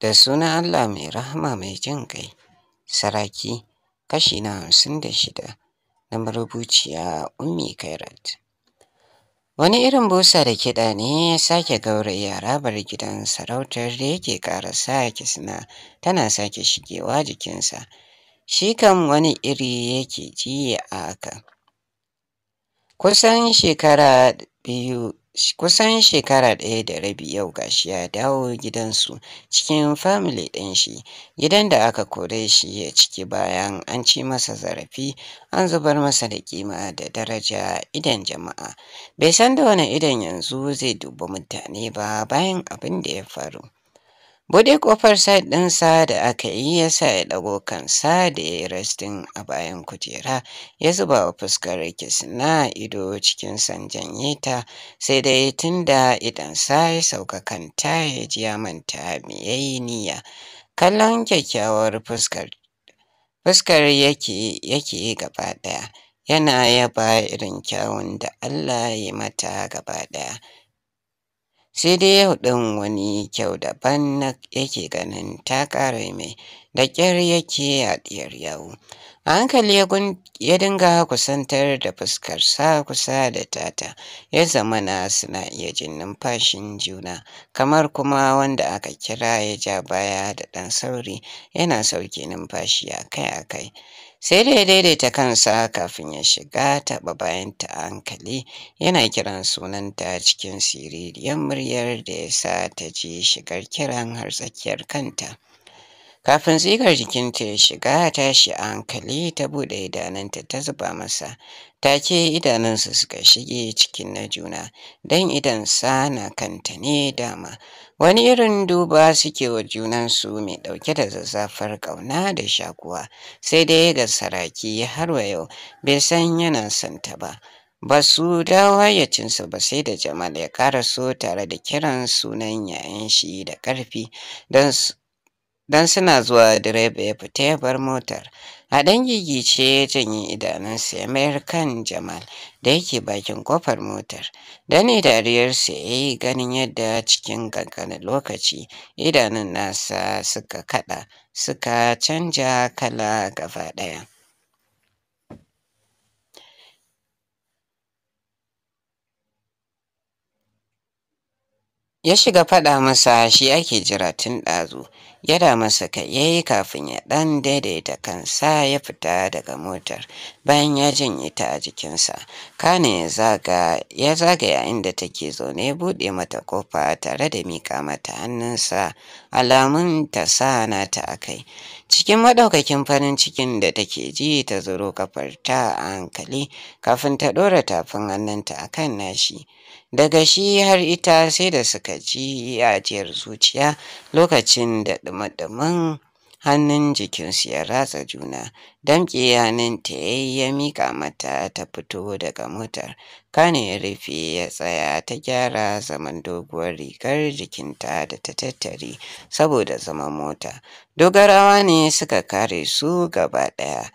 Da sunan Allah mai rahama mai jin kai Saraki kashi na hamsin da shida na marubuciya Ummi Kairat. Wani irin busa da kiɗa ne ya sake gauraya rabar gidan sarautar da yake ƙara sa kisna tana sake shigewa jikinsa. Shi kam wani iri yake ji a haka. Kusan shekara biyu kusan shekara ɗaya da rabi yau ga shi ya dawo gidansu cikin famili ɗin shi gidan da aka kore shi ya ciki bayan an ci masa zarafi an zubar masa da kima da daraja idan jama'a bai san da wani idan yanzu zai duba mutane ba bayan abin da ya faru Buɗe ƙofar side ɗinsa da aka yi ya sa ya ɗab'o kansa da ya yi a bayan kujera ya zuba wa fuskar kisna ido cikin son ta sai dai tun da idansa ya sauka kanta ya ji ya manta me ya yi niyya. Kallon kyakkyawar fuskar fuskar yake yake gaba ɗaya yana yaba irin kyawun da Allah ya mata gaba ɗaya. sai dai yau ɗin wani kyau daban na yake ganin ta ƙara mai da ƙyar yake yaɗiyar yawo a hankali ya dinga kusantar da fuskar sa kusa da tata ya zamana suna iya jin numfashin juna kamar kuma wanda aka kira ya ja baya da ɗan sauri yana sauke numfashi akai-akai sai da ya daidaita kansa kafin ya shiga taɓa bayan ta hankali yana kiran sunanta cikin siririyar muryar da ya sa ta ji shigar kiran har tsakiyar kanta kafin tsigar jikinta ya shiga tashi a hankali ta buɗe idanunta ta zuba masa take idanunsa suka shige cikin na juna don idansa na kanta ne dama wani irin duba suke wa junansu mai ɗauke da zazzafar ƙauna da shakuwa sai dai ga saraki har wa yau bai san yana santa ba ba su dawo hayyacinsa ba sai da jamal ya ƙara karaso tare da kiran sunan yayan shi da ƙarfi don su. don suna zuwa direba ya fita ya bar motar a ɗan gigice ya janye idanunsa ya mayar kan jamal da yake bakin kofar motar da ne dariyarsa ya yi ganin yadda cikin kankanin lokaci idanun nasa suka kada suka canja kala gaba ɗaya ya shiga faɗa masa shi ake jira tun ɗazu ya da masa ka ya yi kafin ya ɗan daidaita kansa ya fita daga motar bayan ya janye ta a jikinsa kane ya zaga ya zagaya inda take zaune buɗe mata kofa tare da mika mata hannunsa alamun ta sa nata a kai cikin maɗaukakin farin cikin da take ji ta zuro kafarta a hankali kafin ta ɗora tafin hannunta a kan nashi daga shi har ita sai da suka ji ajiyar zuciya lokacin da ɗumaɗumin hannun jikinsu ya ratsa juna damƙe hannunta ya yi ya mika mata ta fito daga motar kane rufe ya tsaya ta gyara zaman doguwar rigar jikinta da ta tattare saboda zaman mota dogarawa ne suka kare su gaba ɗaya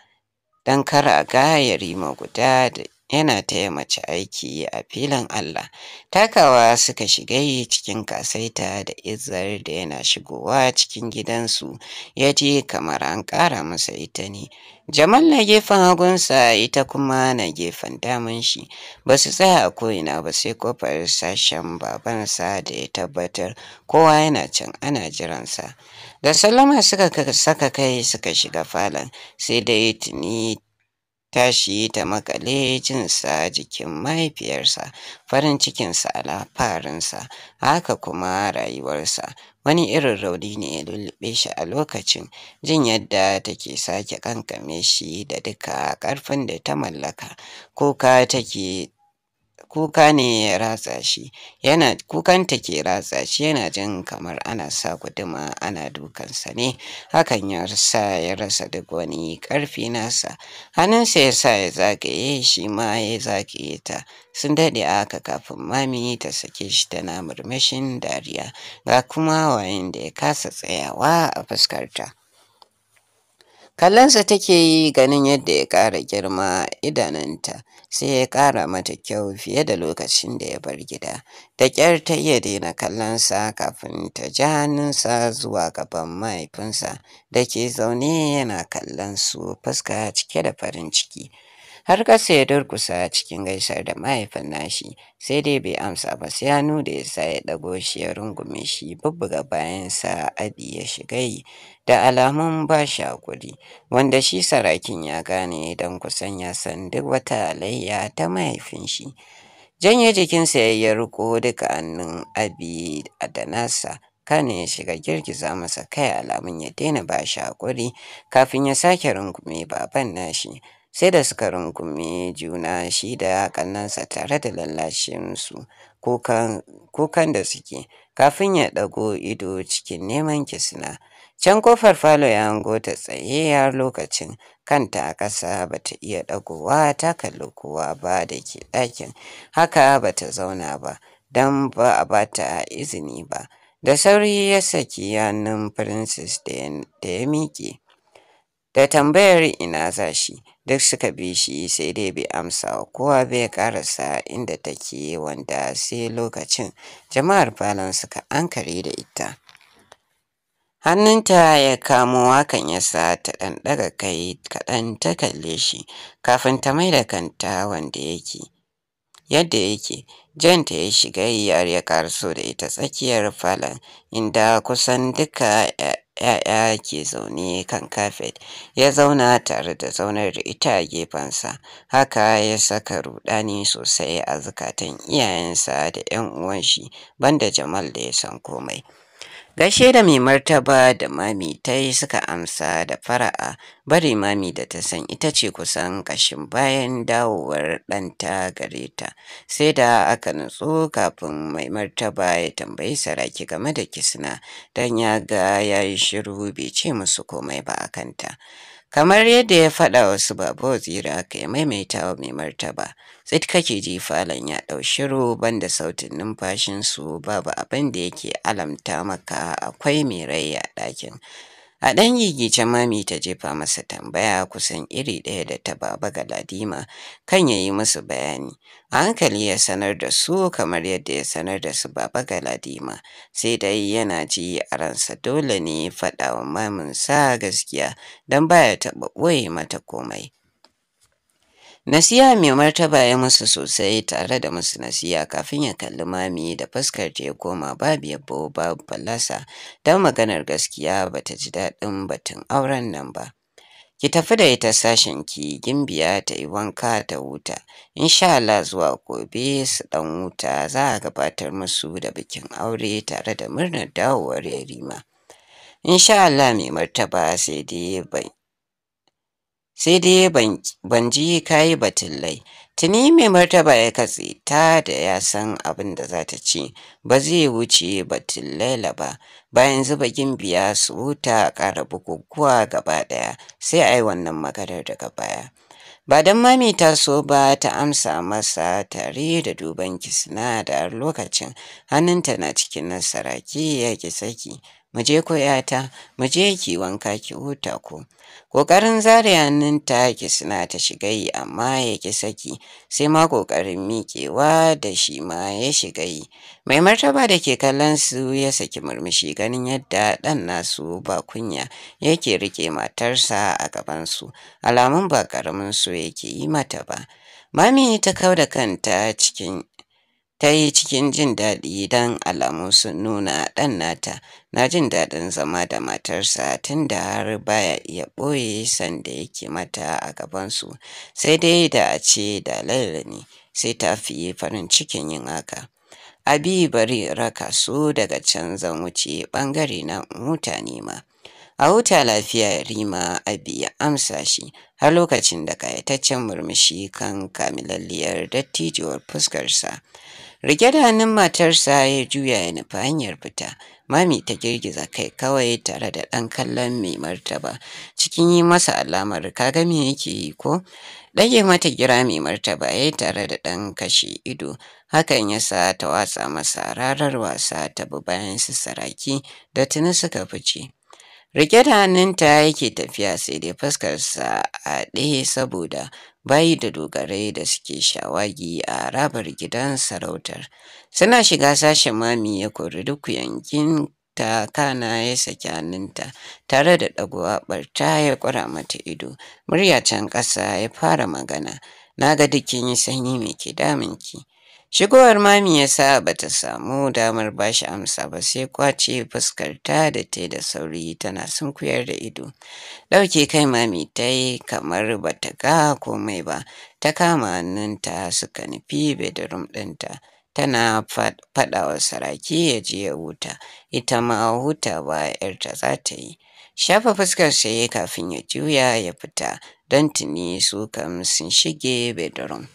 don kar a ga yarima guda da yana taya mace aiki a filin Allah. Takawa suka shiga cikin kasaita da izar da yana shigowa cikin gidansu ya ji kamar an ƙara masa ita ne. Jamal na gefen hagunsa ita kuma na gefen damun shi ba su tsaya a ko'ina ba sai kofar sashen babansa da ya tabbatar kowa yana can ana jiransa. Da salama suka saka kai suka shiga falon sai dai tuni tashi ta makale jinsa jikin mahaifiyarsa farin cikinsa alafarinsa haka kuma rayuwarsa wani irin rauni ne ya lulluɓe shi a lokacin jin yadda take sake kankame shi da duka ƙarfin da ta mallaka kuka take kuka ne ya ratsa shi yana kukanta ke ratsa shi yana jin kamar ana sa guduma ana dukansa ne hakan ya sa ya rasa duk wani karfi nasa hannunsa ya sa ya zagaye shi ma ya zagaye ta sun daɗe aka kafin mami ta sake shi tana murmushin dariya ga kuma wayan da ya kasa tsayawa a fuskarta. Kallonsa take yi ganin yadda ya ƙara girma idananta sai ya ƙara mata kyau fiye da lokacin da ya bar gida. Da ƙyar ta iya daina kallonsa kafin ta ji hannunsa zuwa gaban mahaifinsa da ke zaune yana kallon su fuska cike da farin ciki. har ƙasa ya durkusa cikin gaisar da mahaifin nashi sai dai bai amsa ba sai ya da ya sa ya ɗago shi ya rungume shi bubbuga bayansa abi ya shiga yi da alamun ba shi hakuri wanda shi sarakin ya gane don kusan ya san duk wata alayya ta mahaifin shi janye jikinsa ya riko duka hannun abi da nasa kane ya shiga girgiza masa kai alamun ya daina ba shi haƙuri kafin ya sake rungume baban nashi sai da suka rungumi juna shi da ƙannansa tare da lallashinsu kukan da suke kafin ya ɗago ido cikin neman kisna. Can kofar falo ya hango ta tsaye har lokacin kanta a ƙasa ba ta iya ɗagowa ta kalli kowa ba da ke ɗakin haka ba ta zauna ba don ba a ba ta izini ba. Da sauri ya saki yanin Princess da ya miƙe. da tambayar ina za shi duk suka bi shi sai dai bai amsa kowa bai karasa inda take wanda sai lokacin jama'ar falon suka ankare da ita hannunta ya kamo wakan ya sa ta ɗan ɗaga kai kaɗan ta kalle shi kafin ta mai da kanta wanda yake yadda yake John ta ya shiga yiyar ya so da ita tsakiyar falon inda kusan duka ‘ya'ya ke zaune kan kafet ya zauna tare da zaunar da ita a gefensa haka ya saka rudani sosai a zukatan iyayensa da ‘yan uwanshi banda Jamal da ya san komai. Gashe da mai martaba da mami ta yi suka amsa da fara'a bari mami da ta san ita ce kusan ƙashin bayan dawowar ɗanta gare ta sai da aka nutsu kafin mai martaba ya tambayi saraki game da kisna don ya ga ya yi shiru bai ce musu komai ba a kanta. Kamar yadda ya faɗa wasu babu tsira aka yi maimaita wa mai martaba, sai kake ji falon ya ɗau shiru banda sautin numfashinsu babu abin da yake alamta maka akwai mai rai a ɗakin. A ɗan gigice mami ta jefa masa tambaya kusan iri ɗaya da ta baba ga Ladima kan ya yi musu bayani. A hankali ya sanar da su kamar yadda ya sanar da su baba ga Ladima, sai dai yana ji a ransa dole ne faɗawa wa maminsa gaskiya don baya taɓa ɓoye mata komai. Nasiya mai martaba ya musu sosai tare da musu nasiya kafin ya kalli mami da fuskar ta ya koma babu yabo babu fallasa don maganar gaskiya ba ta ji daɗin batun auren nan ba. Ki tafi da ita sashen ki gimbiya ta yi wanka ta wuta, insha Allah zuwa gobe su ɗan wuta za a gabatar musu da bikin aure tare da murnar dawowar yarima. Insha Allah mai martaba sai dai bai sai dai ban ji kayi batillai tuni mai martaba ya katse ta da ya san abin da za ta ce ba zai wuce batun ba bayan zuba gimbiya su huta ƙara bukukuwa gaba ɗaya sai a yi wannan maganar daga baya ba don mami ta so ba ta amsa masa tare da duban kisna da lokacin hannunta na cikin nasaraki ya ki saki mu je ko yata mu je ki wanka ki huta ko kokarin zare ta ki suna ta shiga yi amma ya ki saki sai ma kokarin miƙewa da shi ma ya shiga yi mai martaba da ke kallon su ya saki murmushi ganin yadda ɗan nasu ba kunya yake rike matarsa a gaban su alamun ba ƙaramin so yake yi mata ba mami ta kau da kanta cikin ta yi cikin jin daɗi don alamu sun nuna ɗan nata na jin daɗin zama da matarsa tun da har baya iya ɓoye sanda yake mata a gabansu sai dai da a ce da lalani sai ta fi farin cikin yin haka. Abi bari raka su daga can zan wuce ɓangare na mutane ma. A wuta lafiya Rima Abi ya amsa shi har lokacin da kayataccen murmushi kan kamilalliyar dattijuwar fuskarsa Rike da hannun matarsa ya juya ya nufi hanyar fita. Mami ta girgiza kai kawai tare da ɗan kallon mai martaba. Cikin yi masa alamar kaga me yake yi ko? Ɗage mata gira mai martaba ya tare da ɗan kashe ido. Hakan ya sa ta watsa masa rarar wasa ta bi bayan su saraki da tuni suka fice. Rike da hannunta yake tafiya sai dai fuskarsa a ɗaya saboda bayi da dogarai da suke shawagi a harabar gidan sarautar suna shiga sashen mami ya kori duk yankin ta kana ya saki hannunta tare da ɗagowa ɓarta ya ƙura mata ido murya can ƙasa ya fara magana na ga dukin sanyi mai ke damunki Shigowar mami ya sa ba ta samu damar ba shi amsa ba sai kwace ta da ta da sauri tana sunkuyar da ido. Ɗauke kai mami ta yi kamar ba ta ga komai ba, ta kama hannunta suka nufi bedroom ɗinta. Tana faɗa saraki ya je ya huta, ita ma huta ba ‘yarta za ta yi. Shafa fuskar sai kafin ya juya ya fita don tuni su kam sun shige bedroom.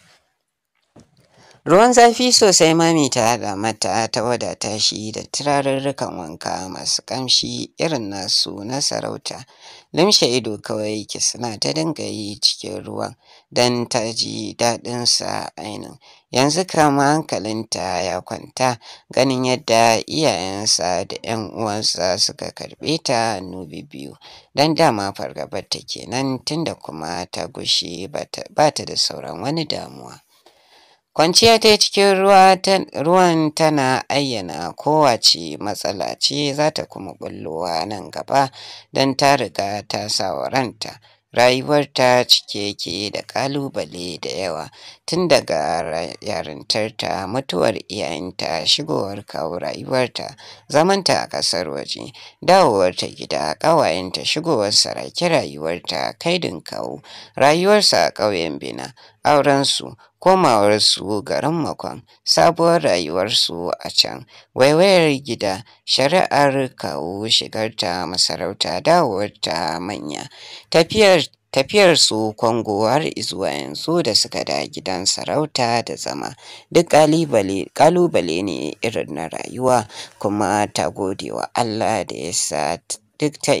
Ruwan zafi sosai mami ta ga mata ta wadata shi da turarurrukan wanka masu kamshi irin nasu na sarauta. Limshe ido kawai suna ta dinga yi cikin ruwan don ta ji daɗinsa ainin. Yanzu kama hankalinta ya kwanta ganin yadda iyayensa da ‘yan uwansa suka karɓe ta nubi biyu don dama fargabar ta kenan tunda kuma ta gushe ba ta da sauran wani damuwa. kwanciya ta cikin ruwan tana ayyana kowace matsala ce za ta kuma bullowa nan gaba don ta riga ta sawa ranta rayuwarta cike yake da kalubale da yawa tun daga yarintarta mutuwar iyayenta shigowar kawo rayuwarta zamanta a ƙasar waje dawowarta gida ƙawayenta shigowar saraki rayuwarta kaidin kawo rayuwarsa a ƙauyen bina aurensu, komawarsu garin makon, sabuwar rayuwarsu a can, waiwayar gida, shari'ar kawo shigarta masarauta dawowarta manya, tafiyar Tafiyarsu Kwango har izuwa yanzu da suka da gidan sarauta da zama duk ƙalubale ne irin na rayuwa kuma ta gode wa Allah da ya sa duk ta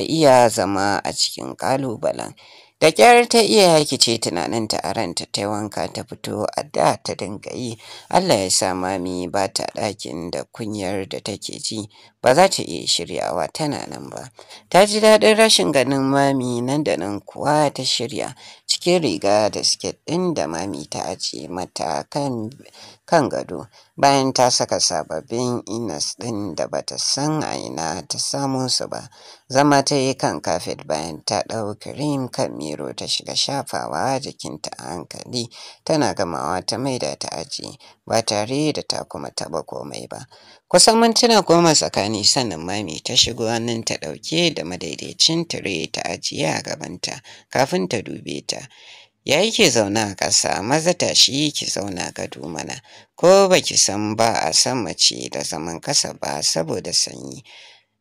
iya zama a cikin ƙalubalen. Da kyar ta iya ce tunaninta a ranta ta wanka ta fito a da ta dinga yi. Allah ya sa mami ba ta ɗakin da kunyar da take ji ba za ta iya shiryawa tana nan ba. Ta ji daɗin rashin ganin mami nan da nan kuwa ta shirya cikin riga da siket ɗin da mami ta ajiye mata kan, gado bayan ta saka sababbin inas ɗin da ba ta san a ina ta samu su ba. Zama ta yi kan kafet bayan ta ɗau kirim kan miro ta shiga shafawa jikinta a hankali tana gamawa ta maida ta ajiye ba tare da ta kuma taɓa komai ba. Kusan mintuna goma tsakani sannan mami ta shigo nan ta ɗauke da madaidaicin tire ta ajiye a gabanta kafin ta dube ta. Ya yake zauna a ƙasa maza ta tashi ki zauna gado mana ko ba ki san ba a san mace da zaman ƙasa ba saboda sanyi.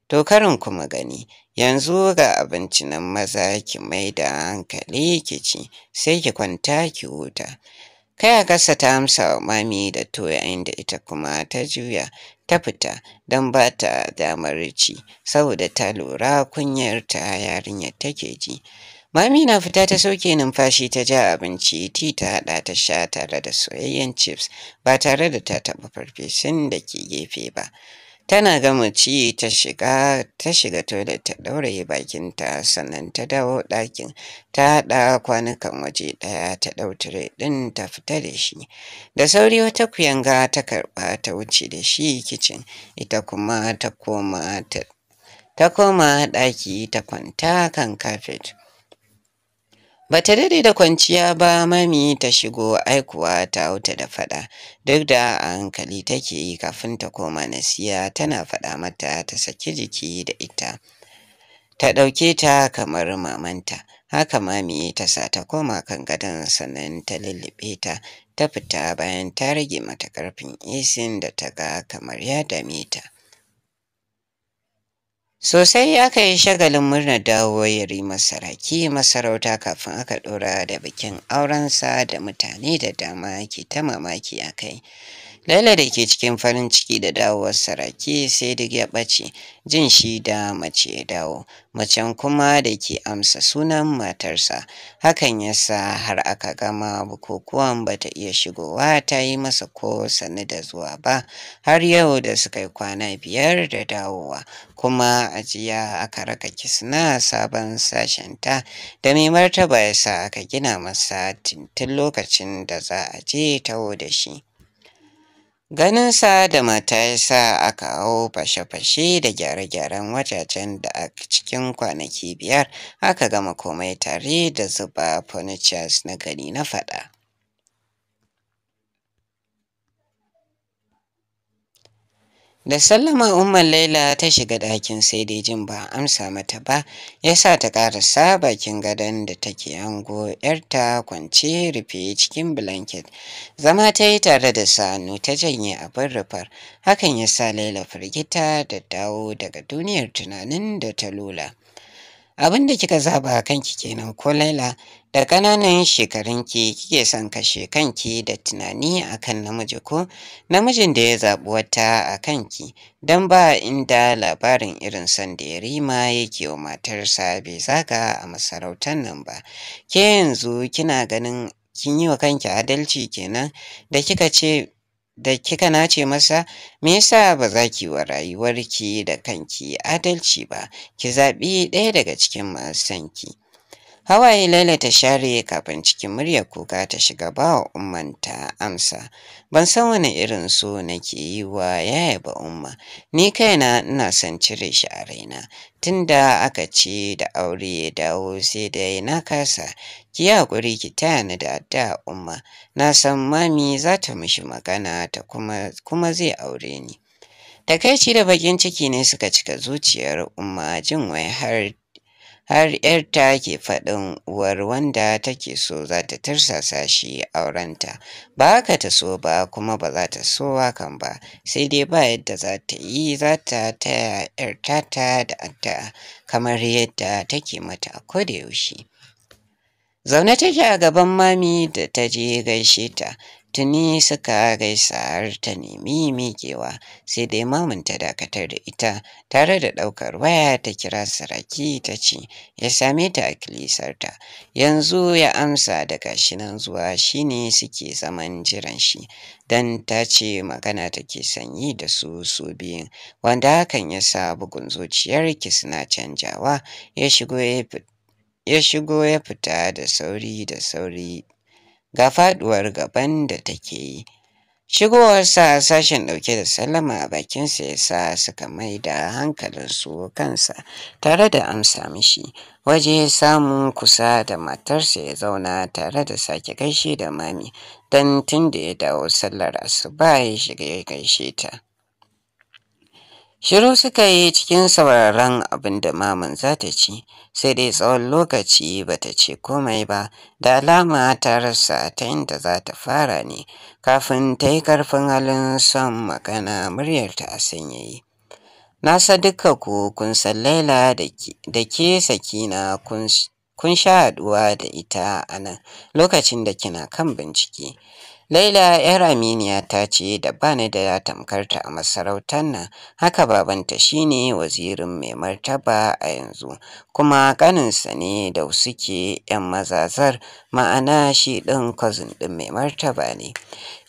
To karin kuma gani yanzu ga abinci maza ki mai da hankali ki ci sai ki kwanta ki huta. Kai a kasa ta amsa wa mami da toya inda ita kuma ta juya ta fita don ba ta damar ci saboda ta lura kunyar ta yarinyar take ji. Mami na fita ta soke numfashi ta ja abinci ti ta haɗa ta sha tare da soyayyen chips ba tare da ta taɓa farfesun da ke gefe ba. Tana gama ci ta shiga ta shiga toilet ta ɗauraye bakinta sannan ta dawo ɗakin ta haɗa kwanukan waje ɗaya ta ɗau tire ɗin ta fita da shi. Da sauri wata kuyanga ta karɓa ta wuce da shi kicin ita kuma ta koma ta koma ɗaki ta kwanta kan kafet. Bata dade da kwanciya ba mami ta shigo aikuwa ta wuta da fada duk da a hankali take yi kafin ta koma nasiya tana fada mata ta saki jiki da ita. Ta ɗauke ta kamar mamanta haka mami ta sa ta koma kan gadon sannan ta lullube ta ta fita bayan ta rage mata karfin isin da ta ga kamar ya dame ta. Sosai aka yi shagalin murnar dawowar masaraki masaraki masarauta kafin aka ɗora da bikin aurensa da mutane da dama ke ta mamaki a kai. Laila da ke cikin farin ciki da dawowar saraki sai duk ya ɓace jin shi da mace ya dawo, macen kuma da ke amsa sunan matarsa. Hakan ya sa har aka gama bukukuwan ba ta iya shigowa ta yi masa ko sani da zuwa ba, har yau da suka yi kwana biyar da dawowa, kuma ajiya aka raka kisna sabon sashenta da mai martaba ya sa aka gina masa tintin lokacin da za a je taho da shi. Ganinsa da mata ya sa aka hau fashe-fashe da gyare-gyaren wajajen da a cikin kwanaki biyar aka gama komai tare da zuba furnitures na gani na faɗa. Da sallama umman Laila ta shiga ɗakin sai dai jin ba amsa mata ba, ya sa ta ƙarasa bakin gadon da take ango ‘yarta kwance rufe cikin blanket. Zama ta yi tare da sanu ta janye abin rufar, hakan ya sa Laila firgita da dawo daga duniyar tunanin da ta lula. Abin da kika zaba kanki kenan ko Laila da ƙananan shekarunki kike son kashe kanki da tunani akan namiji ko namijin da ya zaɓi wata a kanki don ba inda labarin irin son da ya rima yake wa matarsa bai zaga a masarautar nan ba ke yanzu kina ganin kin yi wa kanki adalci kenan da kika ce da kika nace masa me yasa ba za ki wa rayuwarki da kanki adalci ba ki zaɓi ɗaya daga cikin masanki Hawaye Laila ta share kafin cikin murya kuka ta shiga ba wa ummanta amsa. Ban san wani irin so nake yi wa yaya ba umma, ni kaina ina son cire shi a raina. Tunda aka ce da aure ya dawo sai dai na kasa, ki haƙuri ki taya ni da adda umma, na san mami za ta mishi magana ta kuma zai aure ni. Takaici da bakin ciki ne suka cika zuciyar umma jin wai har har ‘yarta ke faɗin uwar wanda take so za ta tarsasa shi aurenta ba ka ta so ba kuma ba za ta so hakan ba sai dai ba yadda za ta yi za ta taya 'yartata ta da addu'a kamar yadda take mata da kodayaushe. Zaune take a gaban mami da ta je gaishe ta, tuni suka gaisa har ta nemi miƙewa sai dai mamunta dakatar da ita tare da ɗaukar waya ta kira saraki ta ce ya same ta a kilisarta yanzu ya amsa daga shi nan zuwa shine suke zaman jiran shi don ta ce magana take sanyi da su su biyun wanda hakan ya sa bugun zuciyar ki suna canjawa ya shigo ya fita da sauri da sauri ga faduwar gaban da take yi. Shigowarsa sashen ɗauke da salama a bakinsa ya sa suka mai da hankalinsu kansa tare da amsa mishi. Waje samun kusa da matarsa ya zauna tare da sake gaishe da mami don tun da ya dawo sallar asuba ya shiga ya gaishe ta. Shiru suka yi cikin sauraron abin da maman za ta ci, sai dai tsawon lokaci ba ta ce komai ba, da alama ta rasa ta inda za ta fara ne, kafin ta yi ƙarfin halin son magana muryarta a sanyayi. sa duka ku kun san Laila da ke sakina kun sha haɗuwa da ita a nan lokacin da kina kan bincike. Laila ‘yar Aminiya ta ce da ba ni da tamkarta a masarautar nan, haka babanta shi ne wazirin mai martaba a yanzu, kuma ƙaninsa ne da suke ‘yan mazazar ma'ana shi ɗin kwazin ɗin mai martaba ne.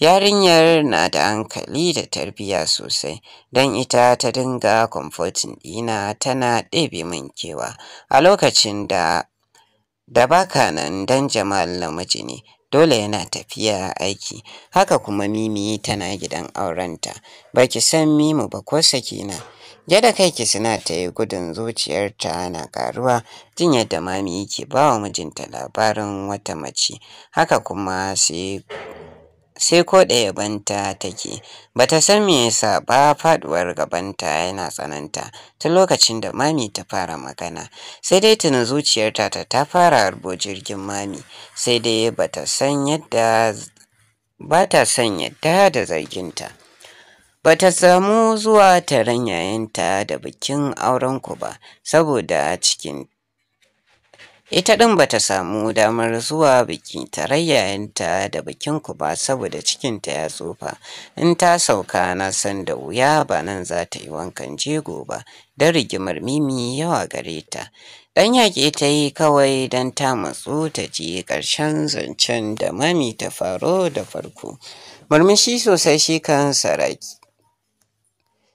Yarinyar na da hankali da tarbiyya sosai, don ita ta dinga kwamfotin ɗina tana ɗebe min kewa a lokacin da da baka nan dan Jamal namiji ne dole yana tafiya aiki haka kuma mimi tana gidan aurenta Ba ki san mimu ba ko sakina gyada kai ki suna ta yi gudun zuciyarta na karuwa jin yadda mami ke ba wa mijinta labarin wata mace haka kuma sai sai ko ɗaya banta take ta san me yasa ba faduwar gabanta yana tsananta ta lokacin da mami ta fara magana sai dai tuna zuciyarta ta ta fara harbo jirgin mami sai dai ta san yadda ba ta san yadda da zarginta ba ta samu zuwa taron yayinta da bikin auren ku ba saboda cikin ita ɗin bata samu damar zuwa bikin tarayyanta da bikinku ba saboda cikinta ya tsufa in ta sauka na san da wuya ba nan za ta yi wankan jego ba don rigimar mimi yawa gare ta ɗan yaƙi ta yi kawai don ta matsu ta ji ƙarshen zancen da mami ta faro da farko murmushi sosai shi kan saraki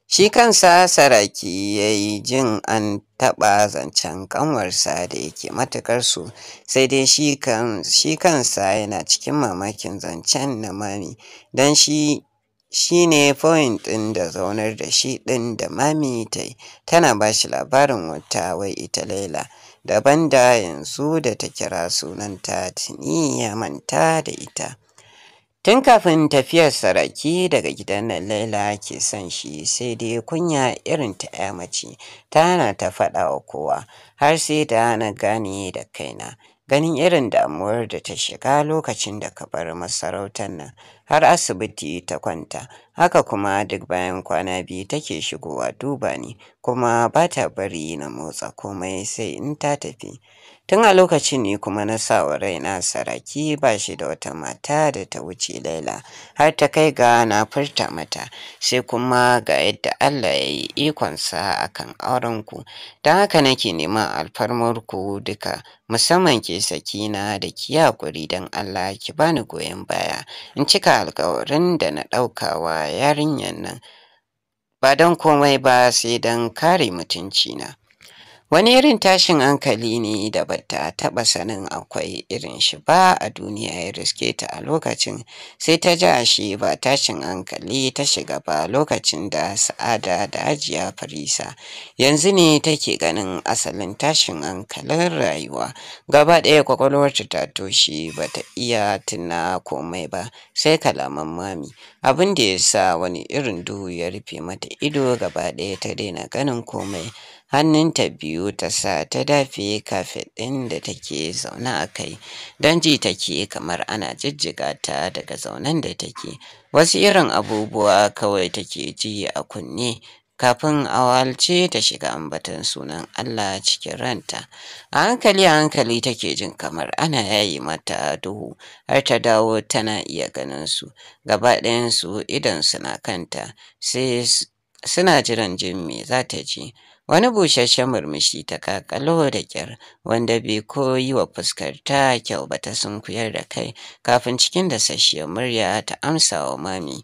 Shi kansa saraki ya yi jin an taɓa zancen ƙanwarsa da yake matuƙar so, sai dai shi kansa yana cikin mamakin zancen na mami, don shi shi ne point ɗin da zaunar da shi ɗin da mami ta yi, tana ba shi labarin wata wai ita Laila, daban da yanzu da ta kira sunanta tuni ya manta da ita. Tun kafin tafiyar saraki daga gidan nan Laila ke son shi sai dai kunya irin ta ‘ya mace ta hana ta faɗa wa kowa har sai da na gane da kaina. Ganin irin damuwar da ta shiga lokacin da ka bar masarautar nan har asibiti ta kwanta haka kuma duk bayan kwana biyu take shigowa duba ni kuma ba ta bari na motsa komai sai in ta tafi tun a lokacin ne kuma na sawa raina saraki ba shi da wata mata da ta wuce laila har ta kai ga na furta mata sai kuma ga yadda allah ya yi ikonsa a kan aurenku don haka nake neman alfarmarku duka musamman ke sakina da kiyakuri don allah ki bani goyon baya in cika alkawarin da na ɗaukawa yarinyan nan ba don komai ba sai don kare mutuncina Wani irin tashin hankali ne da bata taɓa sanin akwai irin shi ba a duniya ya riske ta a lokacin sai ta ja shi ba tashin hankali ta shiga ba lokacin da sa'ada da ajiya farisa yanzu ne take ganin asalin tashin hankalin rayuwa gaba ɗaya kwakwalwarta ta toshe bata iya tuna komai ba sai kalaman mami abin da ya sa wani irin duhu ya rufe mata ido gaba ɗaya ta daina ganin komai hannunta biyu ta sa ta dafe kafin ɗin da take zaune a kai don ji take kamar ana jijjiga ta daga zaunen da take wasu irin abubuwa kawai take ji a kunne kafin awalce ta shiga ambaton sunan Allah cikin ranta. A hankali a hankali take jin kamar ana yayi mata duhu har ta dawo tana iya ganin su. Gaba ɗayan su idan suna kanta sai suna jiran jin me za ta ji. Wani busasshen murmushi ta kakalo da kyar wanda bai koyi wa fuskar ta kyau ba ta sunkuyar da kai kafin cikin da sashiyar murya ta amsa wa mami.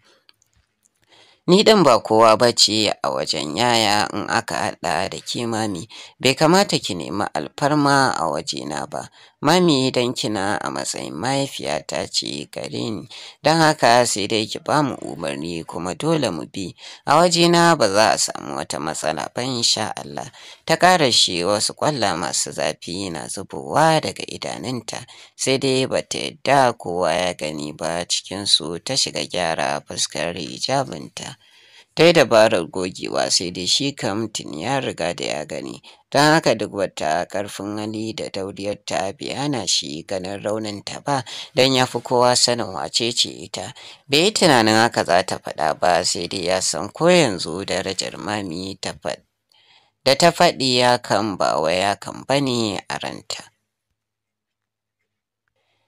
Ni dan ba kowa ba ce a wajen yaya in aka haɗa da ke mami, bai kamata ki nemi alfarma a wajena ba, Mami dan kina a matsayin mahaifiyata ce gare ni, don haka sai dai ki ba mu umarni kuma dole mu bi, a wajena ba za a samu wata matsala ba sha Allah. Ta kara shi wasu kwalla masu zafi na zubowa daga idanunta, sai dai ba ta yadda kowa ya gani ba cikin su ta shiga gyara fuskar hijabinta. ta yi dabarar gogewa sai dai shi kamtin ya riga da ya gani don haka duk wata karfin hali da dauriyar ta biyana shi ganin raunin ta ba don ya fi kowa sanin wace ce ita bai tunanin haka za ta faɗa ba sai dai ya san ko yanzu darajar mami ta da ta faɗi ya kan ba wa ya kan bane a ranta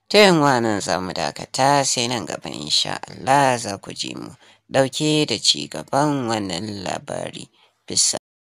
ta yin nan za mu dakata sai nan gaba insha Allah za ku ji mu Dauke da cigaban gaban wannan labari. Bisa